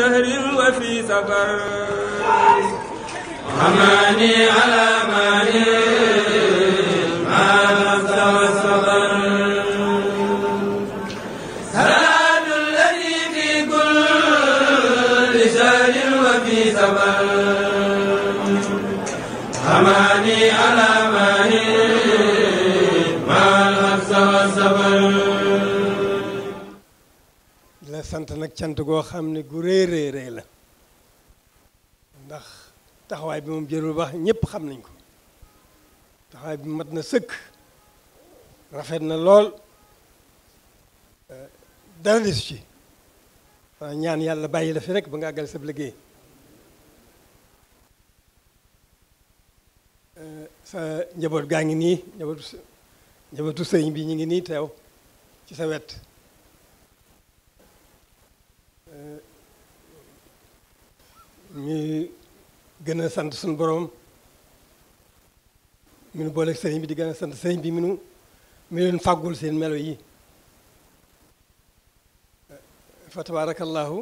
شهر وفي سفر أماني على ماني sant nag cant goo xam ne gu rëy rëy rëy la ndax taxawaay bi moom jërul baax ñëpp xam nañ ko taxawaay bi mat na sëkk rafet na lool eh, dara desu ci waa ñaan yàlla bàyyi la fi rek ba nga àggal sab liggéey eh, sa njaboot gaa ngi nii njabootu njabootu sëñ bi ñu ngi nii teew ci sa wet ñuy gën a sant suñ boroom mi boole booleeg sëriñ bi di gën a sant sëriñ bi mi nu mi leen fàggul seen melo yi fa tabaarakallaahu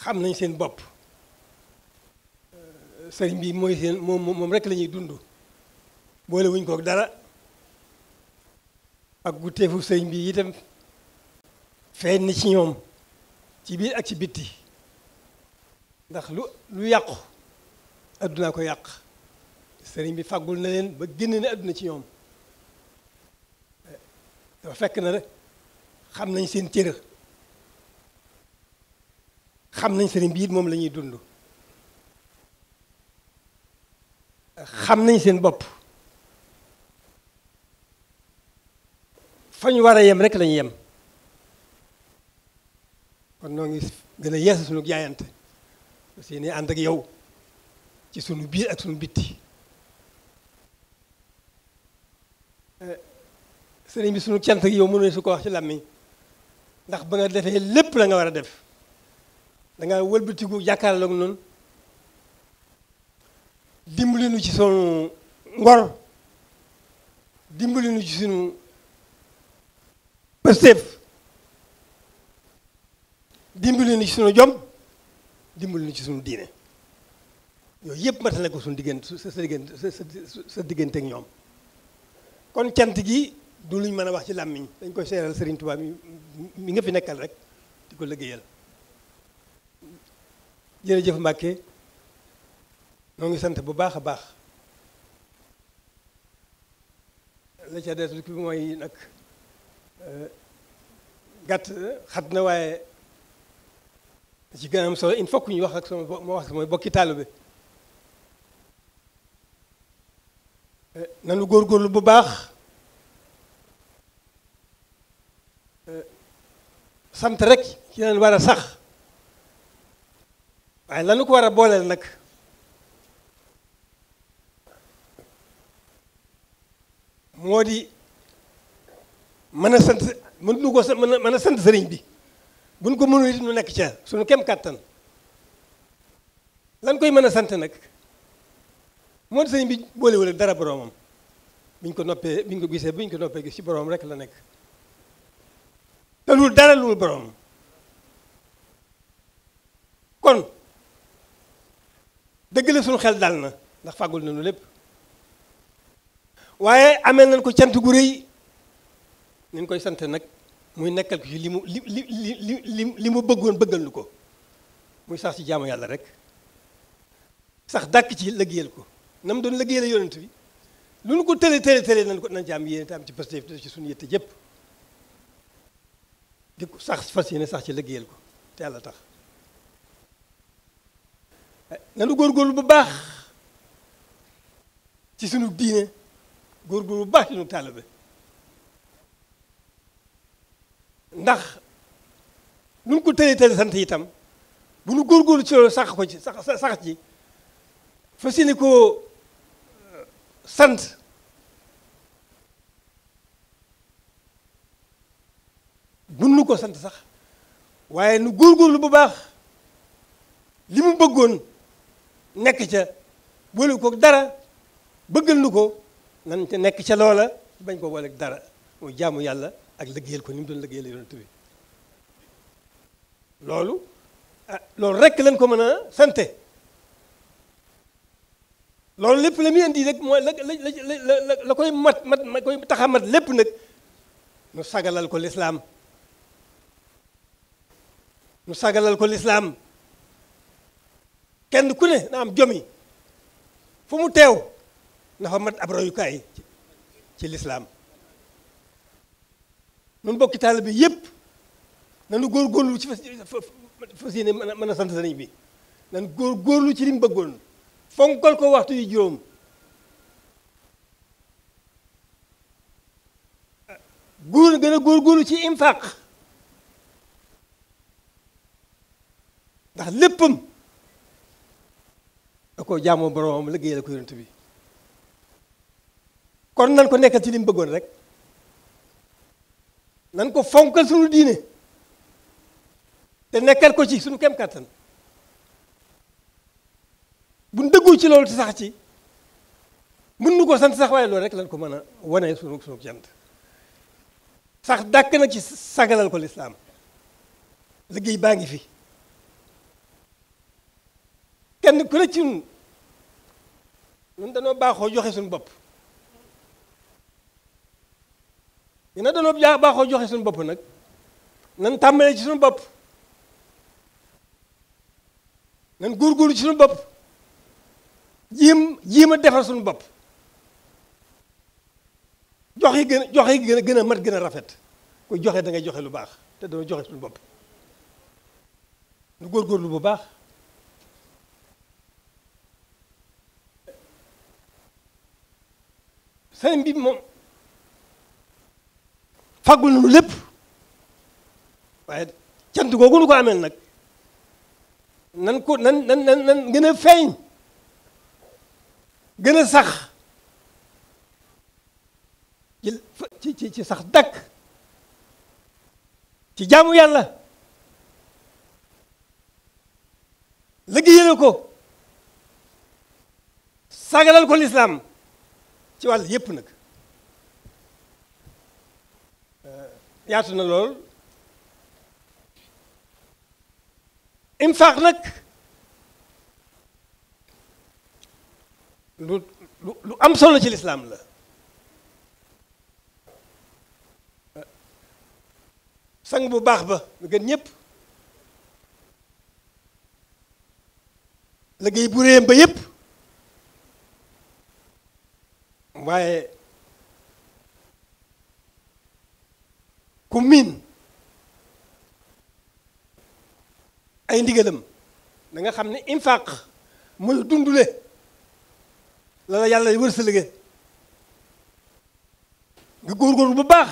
xam nañ seen bopp sëriñ bi mooy seen moom moom rek la dund boole wuñ koog dara ak gutteefu sëriñ bi itam feeñ na ci ñoom ci biir ak ci bitti ndax lu lu yàqu addunaa ko yàq sëriñ bi fàggul na leen ba génn ne adduna ci ñoom dafa fekk na rek xam nañ seen cër xam nañ sëriñ bi moom lañuy dund xam nañ seen bopp fañ war a yem rek lañu ñuy yem noo ngi gën a yeesa suñu jaayante parce que ni ànd ak yow ci sunu biir ak sunu bitti eh, sëriñ bi sunu cant ak yow mënu su ko wax ci làmmiñ ndax ba nga defee lépp la war a def da nga wëlbatiku jàkkaarloog noonu dimbali nu ci sunu ngor dimbali ci sunu pësteef dimbali na ci sunu jom dimbali ci sunu diine yooyu yëpp matale ko sunu diggante sa sa diggante sa diggante ak ñoom kon cant gi du luñ mën a wax ci làmmiñ dañ koy seeral Sëriñ Tuubaa mi mi nga fi nekkal rek di ko liggéeyal jërëjëf Mbàkke noo ngi sant bu baax a baax la ca des bi mooy nag euh, gàtt xat na waaye ci gën a am solo il faut ñu wax ak sama moo wax sama bokki taalibe góor euh, góorgóorlu bu baax euh, sant rek ci leen war a sax waaye lanu ko war a booleel nag moo di mën a sant mën nu ko mën a mën a sant sëriñ bi buñ ko mënul it nu nekk ca suñu kem kàttan lan koy mën a sant nag moo di sëñ bi boolewul ak dara boroomam biñ ko noppee biñ ko gisee biñ ko noppee gis ci boroom rek la nekk te loolu dara loolu boroomam kon dëgg la suñu xel daal na ndax fàggul nañu lépp waaye amee nañ ko cant gu rëy nañ koy sant nag muy nekkal ko ci li mu li li li li mu bëggoon bëggal nu ko muy sax ci jaamu yàlla rek sax dàkk ci lëggéeyal ko na mu doon lëggéeyal yonent bi lu nu ko tële tële tële nañ ko nañ ci am yéen te am ci pasteef te ci ko sax yéene sax ci lëggéeyal ko te yàlla tax nanu góorgóorlu bu baax ci sunu diine góorgóorlu bu baax ci sunu taalibe ndax nu ko tëlee tëlee sant itam bu nu góorgóorlu ci loolu sax ko ci sax sax ci fas yéene koo euh, sant mun nu ko sant sax waaye nu lu bu baax li mu bëggoon nekk ca boole ko dara bëggal nu ko nan ca nekk ca loola bañ ko boole dara mooy jaamu yàlla ak liggéeyal ko ni mu doon liggéeyal yonent bi loolu ah loolu rek lañ ko mën a sante loolu lépp la muy indi rek mooy la la la koy mat mat mat lépp nag nu sagalal ko lislaam nu sagalal ko lislaam kenn ku ne na am jomi fu mu teew na fa mat ab royukaay ci lislaam nun bokki taalibe yëpp nanu góorgóorlu ci fas fas yéene mën a sant sëriñ bi nan góorgóorlu ci lim mu bëggoon fonkal ko waxtu yu juróom góor gën a góorgóorlu ci infaq ndax léppam da koo jaamoo boromam liggéey la ko yonent bi kon nan ko nekkal ci lim mu bëggoon rek nan ko fonkal sunu diine te nekkal ko ci suñu kem kàttan buñ dëggoo ci loolu te sax ci mën nu ko sant sax waaye loolu rek lan ko mën a wane suñu suñu jant sax dàkk nag ci sagalal ko lislaam liggéey baa ngi fi kenn ku ne ci ñun ñun dañoo baaxoo joxe suñu bopp ñu ne danoo jaa baaxoo joxe suñu bopp nag nan tàmbalee ci suñu bopp nan góorgóorlu ci suñu bopp jiim jiim a defar suñu bopp joxe gën joxe gën a gën a mat gën a rafet ko joxe da ngay joxe lu baax te dama joxe suñu bopp nu góorgóorlu bu baax sëriñ bi moom faggul nañu lépp waaye cant googu nu ko amee nag nan ko nan nan nan nan gën a feeñ gën a sax ci ci ci sax dakk ci jaamu yàlla liggéeyal ko sagalal ko lislaam ci wàll yépp nag yaatu na lool infaq nag lu lu am solo ci lislaam la sang bu baax ba lu gën yépp liggéey bu réem ba yëpp waaye ku miin ay ndigalam da nga xam ne infaq mooy dundule la la yàlla wërsëlëge nga góorgóorlu bu baax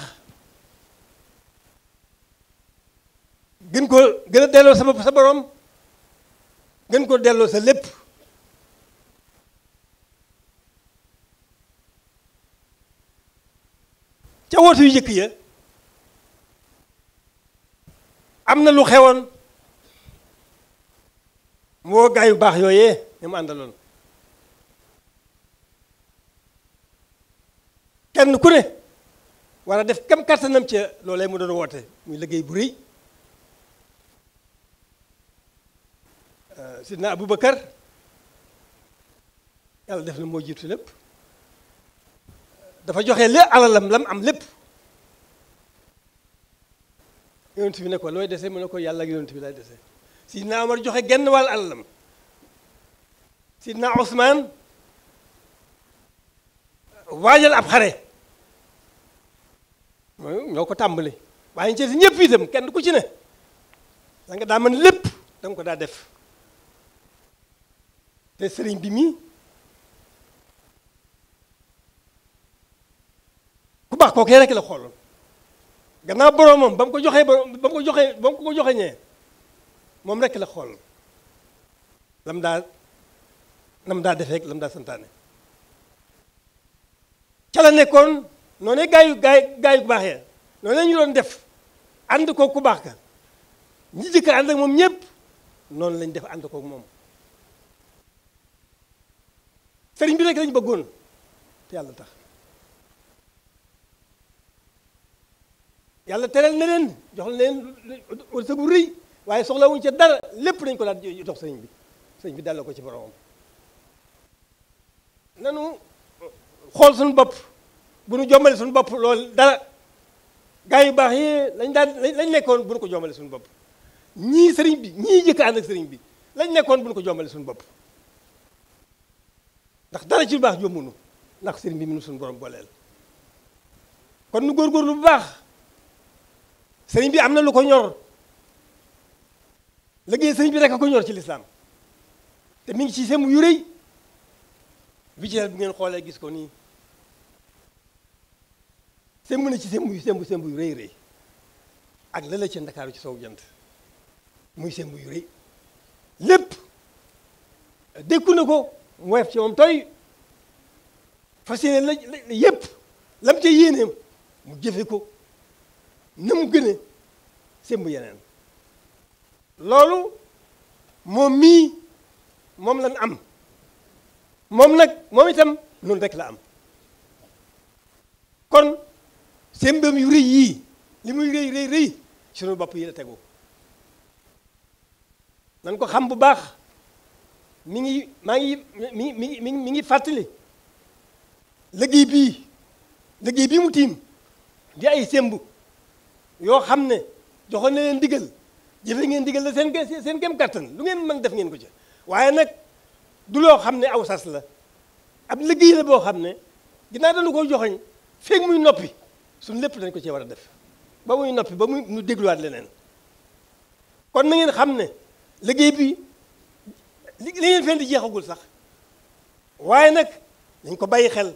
gën ko gën a delloo sa sa borom gën koo delloo sa lépp ca wootu yu jëkk ya am na lu xewoon mu woo yu baax yooyee ñu mu àndaloon kenn ku ne war def kam kàttanam ca loolee mu doon woote muy liggéey bu rëy euh, sidna Aboubacar yàlla def na moo jiitu lépp dafa joxe lé alalam lam am lépp yonent bi ne ko looy dese mu ne ko yàlla ak yonent bi lay dese sidna Omar joxe genn wàll àllam sidna Ousmane waajal ab xare ñoo ko tàmbali waaye ñu ci ñëpp itam kenn ku ci ne da nga daa mën lépp da ko daa def te sëriñ bi mi ku baax kookee rek la xooloon gannaaw boroomam ba mu ko joxee borom ba mu ko joxee ba mu ko joxeñee moom rekk la xool lam daa lam daa defee lam daa santaane ca nekkoon noonee gaay yu gaay gaay yu baax ya noonee ñu doon def ànd ko ku baax ka ñi jëkk ànd ak moom ñëpp noonu lañ def ànd ko moom sëriñ bi rekk lañ bëggoon te yàlla tax yàlla teral na jox leen wërsëg waaye soxla wuñ ca dara lépp dañ ko daan jox sëñ bi sëñ bi dal la ko ci boroom nanu xool suñu bopp bu nu jombale suñu bopp lool dara gars yu baax yi lañ daan lañ nekkoon bu ko jombale suñu bopp ñii sëriñ bi ñii jëkk ànd ak sëriñ bi lañ nekkoon bu nu ko jombale suñu bopp ndax dara ci baax jombunu ndax sëriñ bi mënu suñu borom boleel kon nu góorgóorlu bu baax sëriñ bi am na lu ko ñor liggéey sëriñ bi rek ko ñor ci lislaam te min ngi ci semu yu rëy bi ci ngeen xoolee gis ko nii semb na ci semb sembu semb semb yu rëy rëy ak la la ci ci sow jant muy semb yu rëy lépp dékku na ko mu woyof ci moom tooy fas yéene la yépp lam ca yéeneem mu jëfe ko na mu gëne sémb yeneen loolu moom mii moom lañ am moom nag moom itam noonu rek la am kon sémbam yu rëy yii li muy rëy rëy sunu bopp yi la tegu nan ko xam bu baax mi ngi maa ngi mi mi mi mi ngi fàttali liggéey bii liggéey bii mu tiim di ay sémb yoo xam ne joxoon na leen digal jëfe ngeen digal la seen seen kem kattan lu ngeen mën def ngeen ko ci waaye nag du loo xam ne aw sas la ab liggéey la boo xam ne ginnaaw dañu ko joxoñ feeg muy noppi suñ lépp dañ ko cee war a def ba muy noppi ba muy ñu dégluwaat leneen kon na ngeen xam ne liggéey bi li ngeen fen di jeexagul sax waaye nag dañ ko bàyyi xel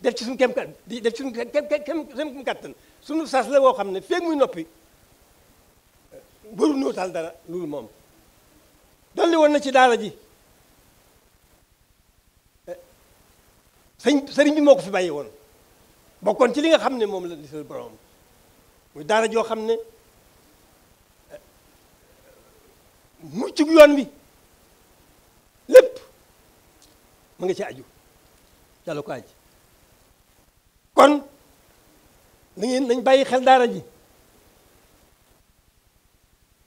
def ci suñu kem kat def ci suñu kem kem kem kattan suñu sas la woo xam ne feeg muy noppi bëru noo taal dara loolu moom dolli woon na ci daara ji eh, sëñ sëriñ bi moo ko fi bàyyi woon bokkoon ci li nga xam ne moom la lisal boroom muy daara joo xam ne eh, mucc gu yoon bi lépp mu nga ci aju yàlla ko aji kon na ngeen nañ bàyyi xel daara ji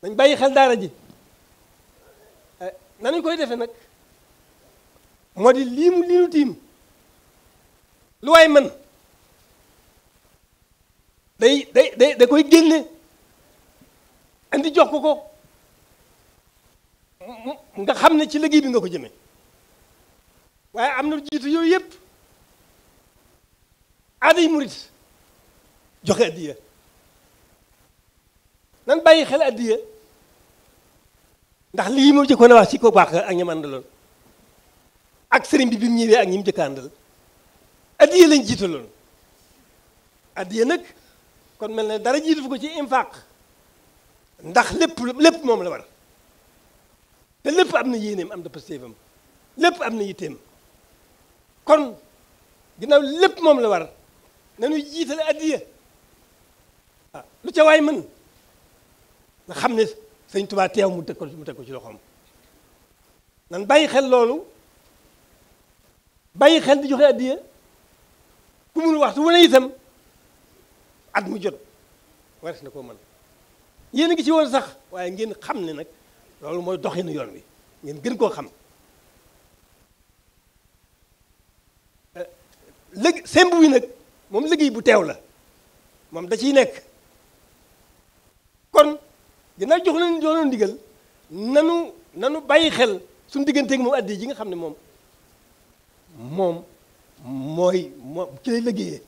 nañ bàyyi xel daara ji eh, nañu koy defe nag moo di lii mu lii nu tiim lu waay mën day day day da koy génne andi jox ko ko nga xam ne ci liggéey bi nga ko jëmee waaye am na jiitu yooyu yëpp aada yi murit joxe addiya nan bay xel addiya ndax lii mu jëkkoon a wax ci ko baax ak ñam àndaloon ak sëriñ bi bi mu ñëwee ak ñi mu jëkk àndal addiya lañ jiitaloon addiya nag kon mel na dara jiitu ko ci infaq ndax lépp lépp moom la war te lépp am na yéeneem am na pasteefam lépp am na yitteem kon ginnaaw lépp moom la war nañu jiitale addiya lu ca waay mën nga xam ne sëñ Tuubaa teew mu teg ko mu teg ci loxoom nan bàyyi xel loolu bàyyi xel di joxe addiya ku wax su wane itam at mu jot si na koo mën yéen a ngi ci woon sax waaye ngeen xam ne nag loolu mooy dox doxinu yoon wi ngeen gën koo xam léegi semb wi nag moom liggéey bu teew la moom da ciy nekk ginnaaw jox leen jox leen ndigal nanu nanu bàyyi xel suñu digganteeg moom addi ji nga xam ne moom moom mooy moom ci lay liggéeyee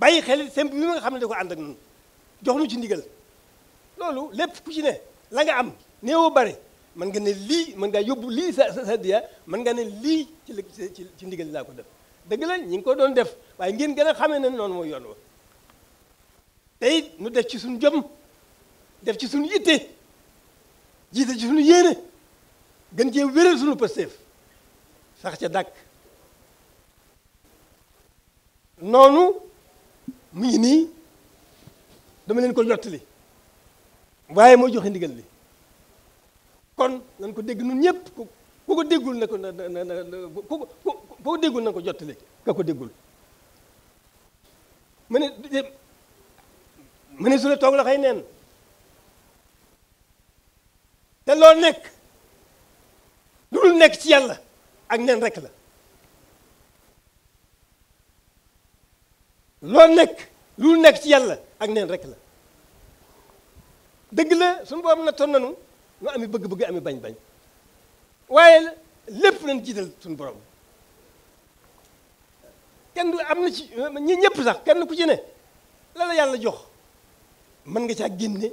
bàyyi xel seen bi nga xam ne da ko ànd ak noonu jox nu ci ndigal loolu lépp ku ci ne la nga am néewoo bare mën nga ne lii mën ngaa yóbbu lii sa sa diya mën nga ne lii ci la ci ndigal laa ko def dëgg la ñi ngi ko doon def waaye ngeen gën a xamee na noonu mooy yon wa tey nu def ci suñu jom def ci suñu yitte jiite ci suñu yéene gën cee wéral suñu pësteef sax ce dàkk noonu mu ngi nii leen ko jottali waaye moo joxe ndigal li kon nañ ko dégg nun ñëpp ko déggul na ko na na ko déggul na ko jottali ka ko déggul mu ne mu ne su la toog la xëy neen te loo nekk lu nekk ci yàlla ak nen rekk la loo nekk lu nekk ci yàlla ak nen la dëgg la suñu na toon nanu nu ami bëgg-bëgg ami bañ-bañ waaye lépp nañ jiital suñu borom kenn du am na ci ñi ñëpp sax kenn ku ci ne la la yàlla jox mën nga caa génne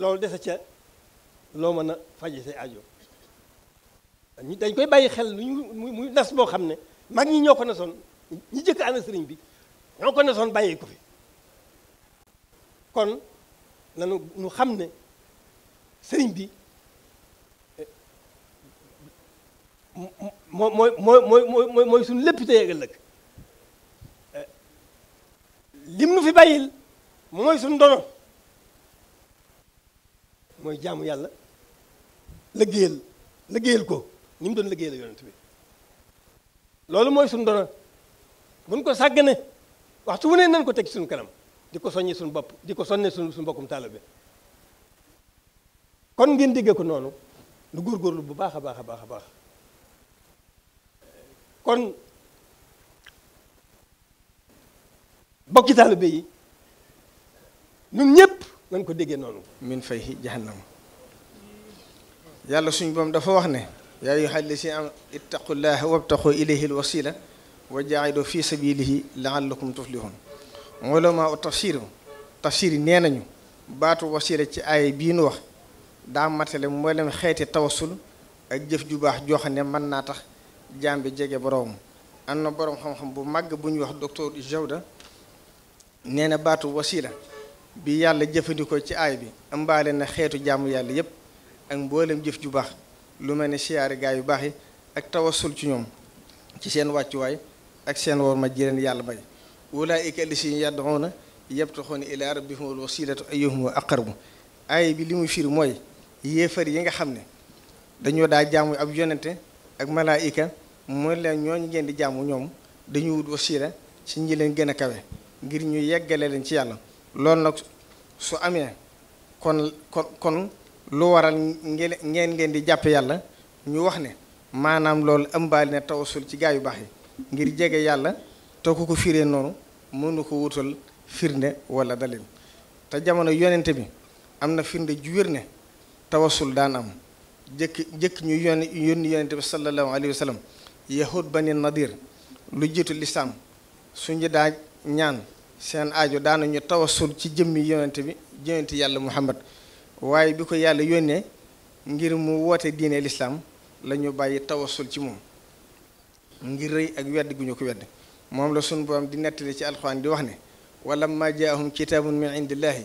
loolu desa ca loo mën a faje say ajo ñu dañ koy bàyyi xel lu ñu muy nas boo xam ne mag ñi ñoo ko nasoon ñu jëkk ana sëriñ bi ñoo ko nasoon bàyyi ko fi kon nanu nu xam ne sëriñ bi eh, moo mooy mooy mooy mooy suñu lépp tey ak eh, lim nu fi bàyyil mooy suñu ndono mooy jaamu yàlla liggéeyal liggéeyal ko ni mu doon liggéeyal yonent bi loolu mooy suñu doona buñ ko sàggane waxtu wu ne nañ ko teg ci kanam di ko soññi suñu bopp di ko sonne suñu suñu mbokkum taalibe bi kon ngeen déggee ko noonu lu góorlu bu baax a baax a baax a baax kon bokki taalibe yi ñun ñëpp nañ ko déggee noonu min fay jahannam yàlla suñ boom dafa wax ne yaa ayyuha allazina am ittaqullaha wabtaqu ilayhi alwasila wa jaahidu fi sabilihi laallakum tuflihun ulama u tafsir tafsir yi nee nañu baatu wasila ci ay bii nu wax daa matale mboolem xeeti tawasul ak jëf ju baax joo xam ne mën naa tax jaam bi jege boroom am na boroom xam-xam bu màgg bu ñuy wax docteur Jawda nee na baatu wasila bi yàlla jëfandikoo ci ay bi ëmbaale na xeetu jaamu yàlla yépp ak mboolem jëf ju baax lu mel ne siyaare gaa yu baax yi ak tawasul ci ñoom ci seen wàccuwaay ak seen war ma ji leen yàlla may ulaayika lisiin yad'uuna yabtaxuuna ilaa rabbihimul wasiilata ayyuhum aqrabu aay bi li muy firi mooy yéefar yi nga xam ne dañoo daa jaamu ab yonente ak malaayika mooy leen ñooñu ngeen di jàmm ñoom dañu wut wasiila ci ñi leen gën a kawe ngir ñu yeggale leen ci yàlla loolu nag su amee kon kon kon lu waral ngeen ngeen ngeen di jàpp yàlla ñu wax ne maanaam loolu ëmbaali na tawasul ci gaa yu baax yi ngir jege yàlla te ku ko fiire noonu mënu ko wutal firnde wala dalil te jamono yonente bi am na firnde ju ne tawasul daan am jëkk jëkk ñu yónni yónni yonente bi sallallahu alayhi wa sallam yahud bani nadir lu jiitu lislaam suñu daa ñaan seen aajo daanañu tawasul ci jëmmi yonente bi yonente yàlla muhammad waaye bi ko yàlla yónnee ngir mu woote diine lislaam la ñu bàyyi tawasul ci moom ngir rey ak wedd gu ñu ko wedd moom la sunu borom di nettali ci alxuraan di wax ne walamma jaahum kitaabun min indillahi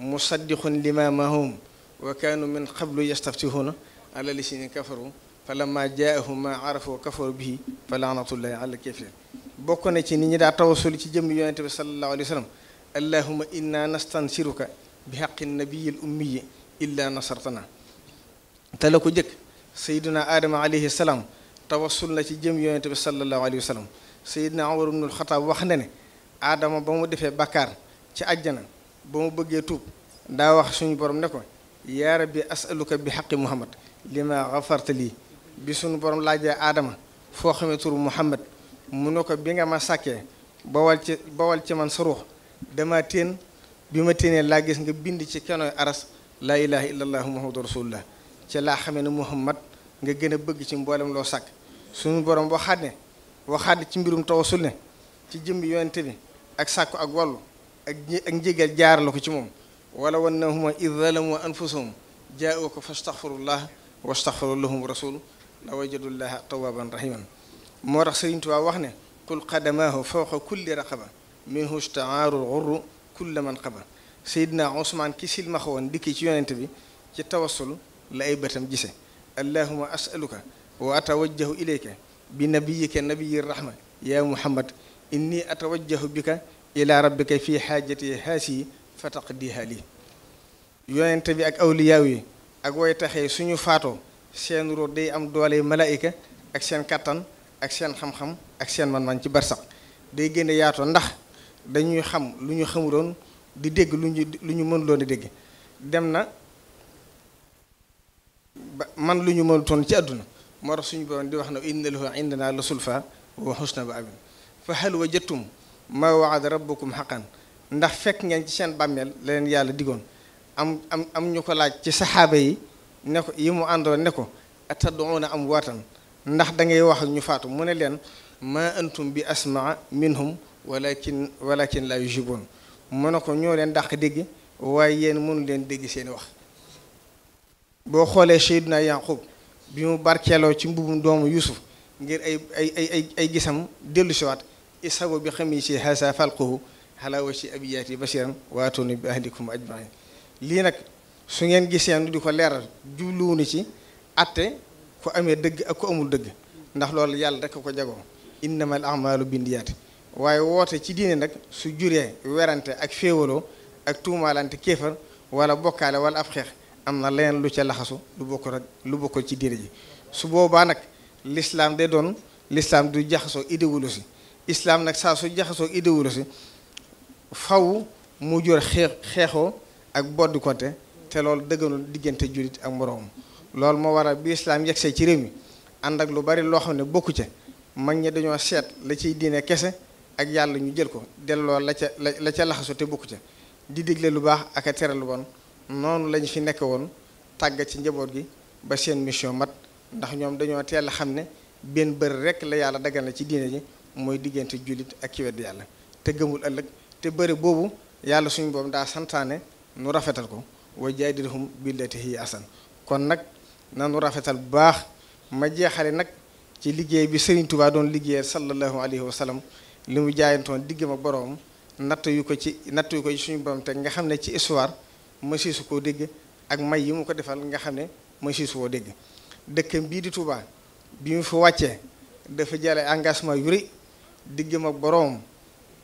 musaddiqun lima mahum wa kaanu min qablu yastaftihuuna ala lisini kafaru falamma jaahum ma arafu kafaru bihi fa laanatullahi ala kafirin na ci nit ñi daa tawasul ci jëmm yonente bi sallallahu alayhi wa sallam allahuma inna nastansiruka bi xaqi nabiyil ummiyi illa nasartana te la ko jëkk sayiduna aadama alayhi salaam tawassul na ci jëm yonente bi sallallahu alayhi wa sallam sayiduna umar ibnul xataab wax na ne aadama ba mu defee bakkaar ci àjjana ba mu bëggee tuub daa wax suñu borom ne ko yaa rabbi asaluka bi xaqi muhammad lima xafarta lii bi suñu borom laajee aadama foo xamee turu muhammad mu ne ko bi nga ma sàkkee bawal ci bawal ci man sa ruux dama téen bi ma téenee laa gis nga bind ci kenoy aras laa ilaha illallah muhammadu rasulullah ci laa xamee ne muhammad nga gën a bëgg ci mboolem loo sàkk suñu borom waxaat ne waxaat ne ci mbirum tawasul ne ci jëmbi yonente bi ak sàkku ak wàllu ak ak njégal jaar la ko ci moom wala wan nahuma id zalamu anfusahum jaa'u ko fastaxfirullah wastaxfaru lahum rasulu la wajadullaha tawaban rahiman moo tax Sëriñ Tuubaa wax ne qul qadamahu fawqa kulli raqaba minhu staaru lxurru kulla man xabar Seydina Ousmane ki silma xawoon dikki ci yonent bi ci tawassul la ay bëtam gise allahuma asaluka wa atawajjahu ilayka bi nabiyika nabiyi rahma ya muhammad inni atawajjahu bika ila rabbika fi xaajati haasi fa taqdiha li yonent bi ak awliyaaw yi ak way taxee suñu faatoo seen ruur day am doole malaayika ak seen kattan ak seen xam-xam ak seen man-man ci barsax day gën yaatoo ndax dañuy xam lu ñu xamuloon di dégg lu ñu lu ñu mënuloon di dégg dem na ba man lu ñu mënutoon ci àdduna moo tax suñu borom di wax na inna lahu indana la sulfa wa xusna ba amin fa wa wajadtum ma wax waada rabbukum xaqan ndax fekk ngeen ci seen bàmmeel la leen yàlla diggoon am am am ñu ko laaj ci saxaaba yi ne ko yi mu àndoon ne ko atad'uuna amwaatan ndax da ngay wax ak ñu faatu mu ne leen ma antum bi asmaa minhum walakin walakin la yujiboon mën ne ko ñoo leen dàq dégg waaye yéen mënu leen dégg seen wax boo xoolee Seydina Yaqub bi mu barkeeloo ci mbubum doomu Yuusuf ngir ay ay ay gisam dellu si waat isago bi xam yi si hasa falquhu ala wajhi abiyaati basiran waatuni bi ahlikum ajmain lii nag su ngeen gisee nu di ko leeral jubluwunu ci atte ku amee dëgg ak ku amul dëgg ndax loolu yàlla rek ko jagoo innamal amalu bindiyaati waaye woote ci diine nag su juree werante ak féewaloo ak tuumaalante kéefar wala bokkaale wala ab xeex am na leen lu ca laxasu lu bokkul ak lu bokkul ci diine ji su boobaa nag l'islam day doon l'islam du jaxasoo idéologie islam nag saa su jaxasoo idéologie faw mu jur xeex xeexoo ak boddi konte te loolu dëgganul diggante jullit ak moroomam loolu moo waral bi islam yegsee ci réew mi ànd ak lu bari loo xam ne bokku ca mag ñi dañoo seet la ciy diine kese ak yàlla ñu jël ko delloo la ca la la ca laxasu te bukk ca di digle lu baax ak a tere lu bon noonu lañu fi nekk woon tàggat ci njaboot gi ba seen mission mat ndax ñoom dañoo teel a xam ne benn bër rek la yàlla dagal ci diine ji mooy diggante jullit ak ki wedd yàlla te gëmul ëllëg te bëri boobu yàlla suñu boobu ndaa santaane nu rafetal ko wa jaadilhum billati hiya asan kon nag nanu rafetal bu baax ma jeexale nag ci liggéey bi Serigne Touba doon liggéeyal sallallahu alayhi wa sallam li mu jaayantoon diggam ak boroom natt yu ko ci natt yu ko ci suñu borom te nga xam ne ci histoire mësi su koo dégg ak may yi mu ko defal nga xam ne mësi su koo dégg dëkkam bii di Touba bi mu fi wàccee dafa jële engagement yu rëy diggam ak boroom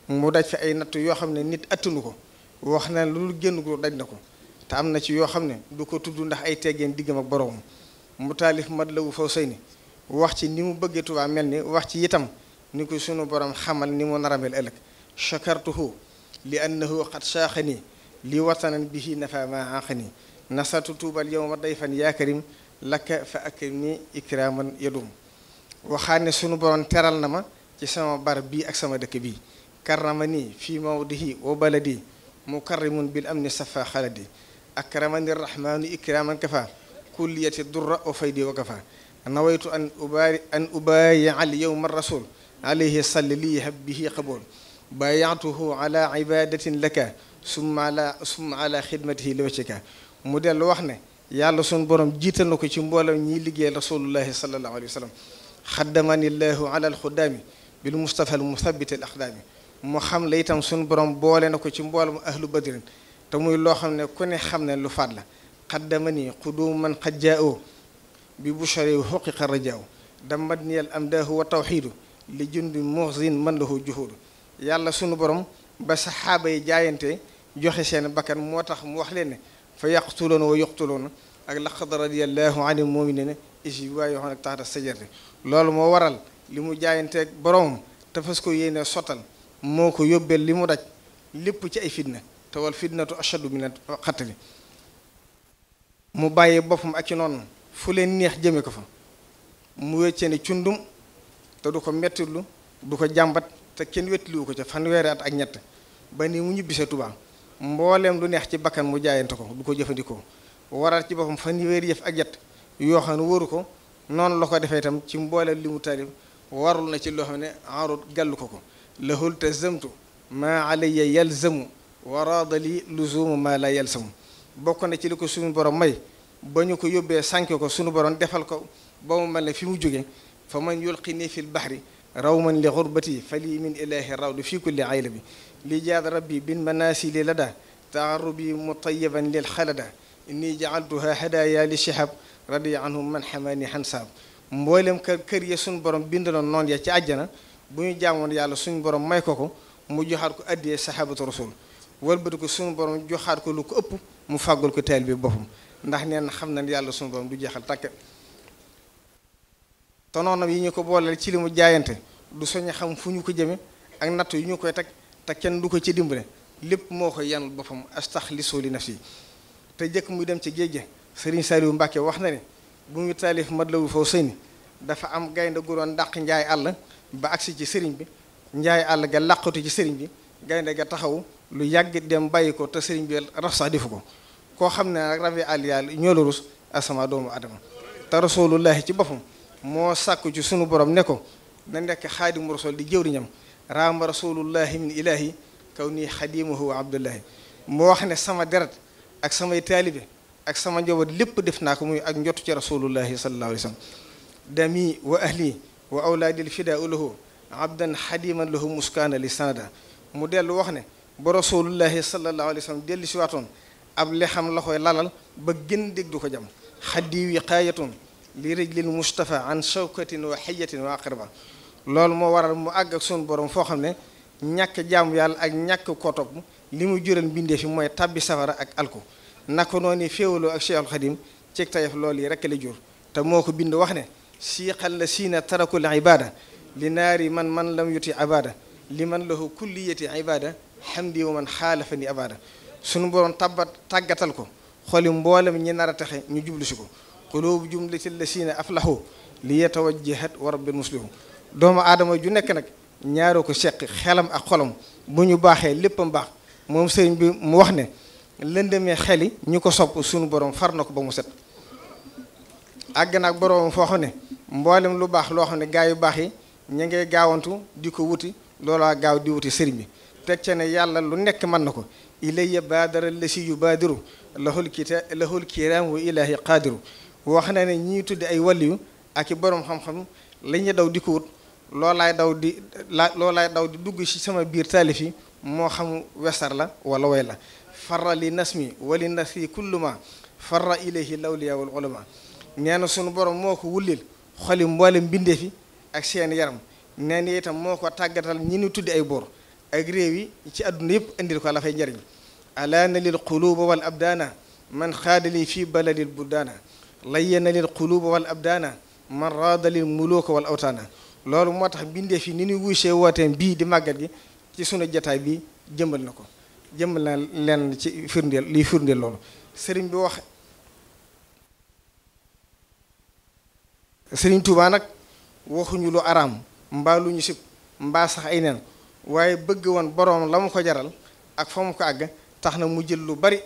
mu daj fi ay natt yoo xam ne nit attanu ko wax na lu génn ko daj na ko te am na ci yoo xam ne du ko tudd ndax ay teggeen diggam ak boroom mu taalif mat lawu faw sëy ni wax ci ni mu bëggee tubaa mel ni wax ci itam ni ko sunu borom xamal ni mu nar a mel ëllëg chakartuhu li annahu qad saaxani li watanan bihi nafa ma anqani nasatu tuubal yowma dayfan yaa karim lakka fa akrim ikraman yadum waxaane sunu borom teral na ma ci sama bar bii ak sama dëkk bii karrama nii fii mawdihi wa baladi mukarrimun bil amni safa xaladi akramani rahmanu ikraman kafa kulliyati durra wa faydi wa kafa nawaytu an ubaari an ubaayi al yowma rasul alayhi salli li hab bihi qabool bayaatuhu ala ibadatin laka summa ala summa ala xidmatihi li wajhika mu dellu wax ne yàlla sunu borom jiital na ko ci mboolem ñiy liggéeyal rasulullahi sallallahu alayhi wa sallam xaddamani llahu ala alxuddaami bil mustafa al muthabit al aqdaami mu xam la itam sunu borom boole na ko ci mboolem ahlu badrin te muy loo xam ne ku ne xam ne lu faat la xaddamani qudum man xajjaa bi bushari xuqiqa rajaa damat niyal amdaahu wa tawxiidu li jundi muhsin man lahu juhudu yàlla sunu borom ba saxaaba yi jaayante joxe seen bakkan moo tax mu wax leen ne fa yaqtuloona wa yuqtuloona ak laqad radiyallahu anil muminina isi waay yoo xam ne taxta sajarte loolu moo waral li mu jaayanteeg boromam te fas ko yéene sottal moo ko yóbbeel li mu daj lépp ci ay fitna te wal fitnatu ashadu min xattali mu bàyyi boppam ak ci noonu fu leen neex jëme ko fa mu wéccee ne cundum te du ko mettitlu du ko jàmbat te kenn wettiluwu ko ca fanweeri at ak ñett ba nii mu ñibbisee tubaa mbooleem lu neex ci bakkan mu jaayante ko du ko jëfandikoo waral ci boppam fanweeri yëf ak ñett yoo xam ne waru ko noonu la ko defee itam ci mbooleem li mu tarif warul na ci loo ne enrut gàllu ko ko lahul tazamtu maa alayya yalzamu wa raadali luzumu maa la yalzamu bokk na ci li ko suñu borom may ba ñu ko yóbbee sànke ko suñu borom defal ko ba mu mel ne fi mu jóge fa man yulqini fi lbahri rawman li gurbati fali min ilahi rawdu fi kulli aylabi li jaad rabbi bin manasili bi taarubi mutayiban lil xalada inni jaaltuha hadaya li shihab radi anhum man xamaani hansaab mboolem kër kër ya suñ borom bind na noonu ya ci àjjana bu ñu jaamoon yàlla suñu borom may ko ko mu joxaat ko addiyee sahabatu rasul walbati ko suñu borom joxaat ko lu ko ëpp mu fàggul ko teel bi boppam ndax nee na xam nañ yàlla suñu borom du jeexal tàkk te noonam yi ñu ko booleel ci li mu jaayante du soñ xam fu ñu ko jëme ak natt yu ñu koy teg te kenn du ko ci dimbale lépp moo koy yanul boppam astaxlisu li nafsi te jëkk muy dem ci géej gi Serigne Saliou Mbacke wax na ne bu mu taalif Matlaboul Fawzayni dafa am gaynde gu doon dàq njaay àll ba agsi ci sëriñ bi njaay àll ga làqatu ci sëriñ bi gaynde ga taxaw lu yàgg dem bàyyi ko te sëriñ bi raf sax defu ko koo xam ne nag rabi àll yàlla ñoo la rus asama doomu adama te rasulullahi ci boppam moo sàkku ci sunu borom ne ko na nekk xaadimu rasul di jëwriñam raama rasulullahi min ilahi kaw nii xadimuhu wa abdullahi moo wax ne sama deret ak samay taalibe ak sama njaboot lépp def naa ko muy ak njotu ci rasulullahi sallallahu alayhi wa sallam wa ahli wa awlaadil fidaau lahu abdan xadiman lahu muskaana li sanada mu dellu wax ne ba rasulullahi sallallahu alayhi dellu si waatoon ab lexam la koy lalal ba gën dégg du ko jam xaddi wi xaayatoon li rijlil mustafa an shawkatin wa xayatin wa aqraba loolu moo waral mu àgg ak sunu borom foo xam ne ñàkk jaamu yàlla ak ñàkk ko li mu jural mbindee fi mooy tabbi safara ak alku naka noonu féewaloo ak Cheikhul Xadim ceeg tayef loolu yi rekk la jur te moo ko bind wax ne siiqal la siina tarakul ibada li naari man man lam yuti ibada li man la ko kulliyati ibada hamdi wa man xaalafa ni abada sunu borom tabbat tàggatal ko xooli mboolem ñi nar a taxe ñu jublu si ko quluub jumlati lasina aflahu li yatawajjahat wa rabbil muslihu doomu aadama ju nekk nag ñaaroo ko seq xelam ak xolom bu ñu baaxee léppam baax moom sëriñ bi mu wax ne lëndëmee xeli ñu ko sopp sunu borom far na ko ba mu set àgg naag borom foo xam ne mboolem lu baax loo xam ne gaa yu baax yi ñu ngay gaawantu di ko wuti loolaa gaaw di wuti sëriñ bi teg ca ne yàlla lu nekk mën na ko ilayya baadara lasi yu baadiru lahul kita lahul kiraam wa ilaahi wax na ne ñi tuddi ay waliyu ak i borom xam-xam la daw di ko wut loolaay daw di la loolaay daw di dugg ci sama biir taalif yi moo xam wesar la wala way la farra li nasmi wali nasri kullu ma farra ilayhi lawliya wal ulama nee na sunu borom moo ko wullil mboolem mbindeef yi ak seen yaram nee na itam moo ko tàggatal ñi ñu tuddi ay boor ak yi ci àdduna yëpp indil ko la fay njariñ alaana lil quluba wal abdaana man xaadali fii baladil daana layyana lil quluba wal abdaana man raada lil ko wal awtaana loolu moo tax bindeef yi ni ñuy wuysee wooteem bii di màggat gi ci sunu jataay bi jëmbal na ko jëmbal na ci firndeel liy firndeel loolu sëriñ bi wax sëriñ Tuubaa waxuñu lu araam mbaa lu ñu sax ay waaye bëgg woon boroom la mu ko jaral ak fa mu ko àgg tax na mu jël lu bari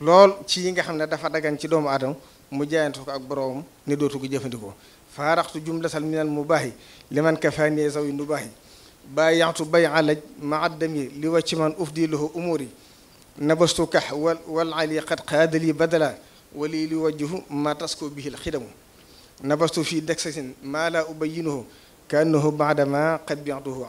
lool ci yi nga xam ne dafa dagan ci doomu aadama mu jaayante ko ak boroom ne dootu ko jëfandikoo faaraxtu jumlatal minal mubaahi liman kafaani zaw yi nubaahi baayaxtu bay alaj ma addami li wacci man ufdi lahu umuri nabastu kax wal wal ali qad qaadali badala wali li wajjuhu ma tasko bihil xidamu nabastu fii deksasin maa laa ubayinuhu kaannahu baadama qad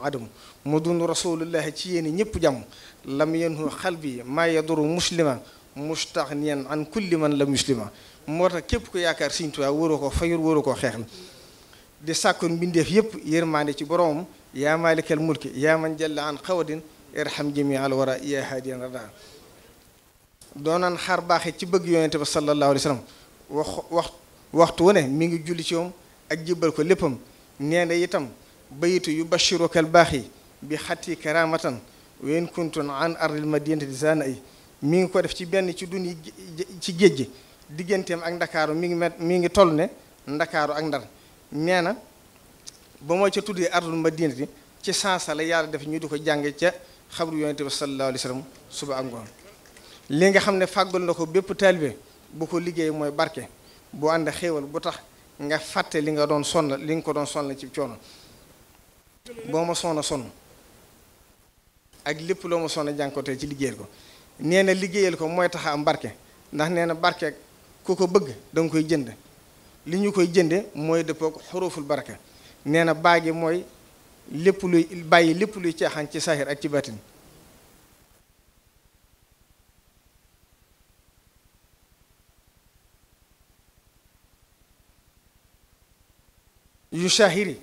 adamu mu dun rasulullahi ci yéeni ñëpp jàmm lam yanhu xalbi maa yaduru muslima mustaxniyan an kulli man la muslima moo tax képp ku yaakaar Sëriñ Tuubaa wóoroo ko fayur wóoroo ko xeexal di sàkkoon mbindeef yëpp yërmaande ci boroom yaa maalikal mulki yaa man jalla an xawadin irham jami al wara yaa haadiyan rada doonan xar baaxe ci bëgg yonente ba sallallahu alayhi wa sallam wax waxtu wu ne mi ngi julli ci moom ak jébbal ko léppam nee itam bayitu yu bashirukal baax yi bi xatti karamatan wayn kuntun an ardil madinati zaana ay mi ngi ko def ci benn ci dun ci géej gi digganteem ak ndakaaru mi ngi met mi ngi toll ne ndakaaru ak ndar nee na ba moo ca tuddee ardul madinati ci sansa yàlla def ñu di ko jàng ca xabru yonente bi suba ak ngoon li nga xam ne fàggal na ko bépp taalibe bu ko liggéey mooy barke bu ànd xéewal bu tax nga fàtte li nga doon sonn li nga ko doon sonn ci coono boo ma sonn sonn ak lépp loo ma sonn jànkotee ci liggéeyal ko nee na liggéeyal ko mooy taxa am barke ndax neena barke ku ko bëgg da koy jënd li ñu koy jënde mooy dëppook xuruful baraka nee na bàggi mooy lépp luy bàyyi lépp luy caaxaan ci saaxir ak ci baatin yu saahiri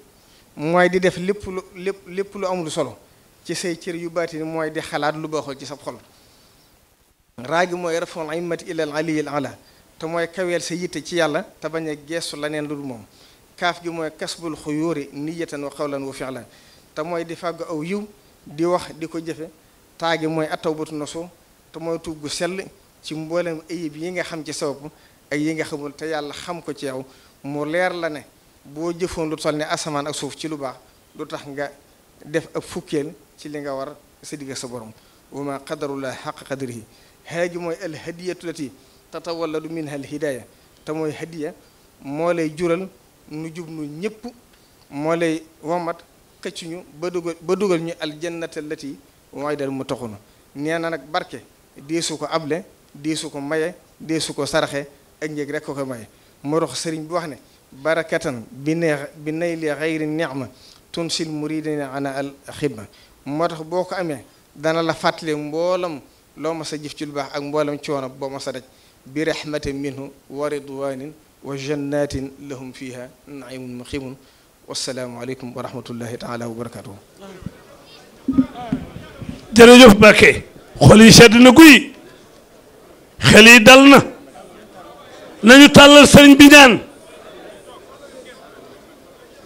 mooy di def lépp lu lépp lépp lu amul solo ci say cër yu baatin mooy di xalaat lu baaxul ci sa xol raagi mooy rafoon imati ilal aliyil ala te mooy kaweel sa yitte ci yàlla te bañ a la leneen lu dul moom kaaf gi mooy kasbul xuyóori niyatan wa xawlan wa fi'lan te mooy di fàggu aw yiw di wax di ko jëfe taa gi mooy attawbatu nasu te mooy tugg gu sell ci mboolem ayib yi nga xam ci sababu ak yi nga xamul te yàlla xam ko ci yow mu leer la ne boo jëfoon lu toll ne asamaan ak suuf ci lu baax lu tax nga def ab fukkeel ci li nga war sa digg sa borom wa ma qadarullah xaq qadrihi xee gi mooy al hadiyatu lati tatawalladu minha al hidaaya te mooy hadiya moo lay jural nu jub nu ñëpp moo lay womat xëcc ñu ba dugal ba dugal ñu aljannata lati waydal mu taxunu nee na nag barke deesu ko able deesu ko maye deesu ko saraxe ak njëg rekk ko ko maye moo sëriñ bi wax ne barakatan bi neex bi nay li xayri ni'ma tunsil muridina ana al xidma moo tax boo ko amee dana la fàttali mboolam loo ma sa jëf ci lu baax ak mboolam coono boo ma sa daj bi rahmatin minhu wa ridwanin wa jannatin lahum fiha naimun muqimun wasalaamu aleykum wa rahmatullahi taala wa barakatuhu jërëjëf Mbacke xol yi sedd na guy xel yi dal na nañu tàllal sëriñ bi ñaan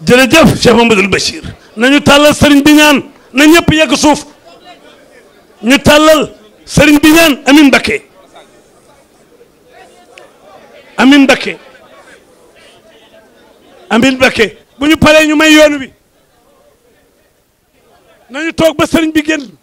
jërëjëf Cheikh Mamadou Bachir nañu tàllal sëriñ bi ñaan na ñëpp yegg suuf ñu tàllal sëriñ bi ñaan amin Mbacke amin Mbakke amin Mbakke bu ñu paree ñu may yoon wi nañu toog ba sëriñ bi génn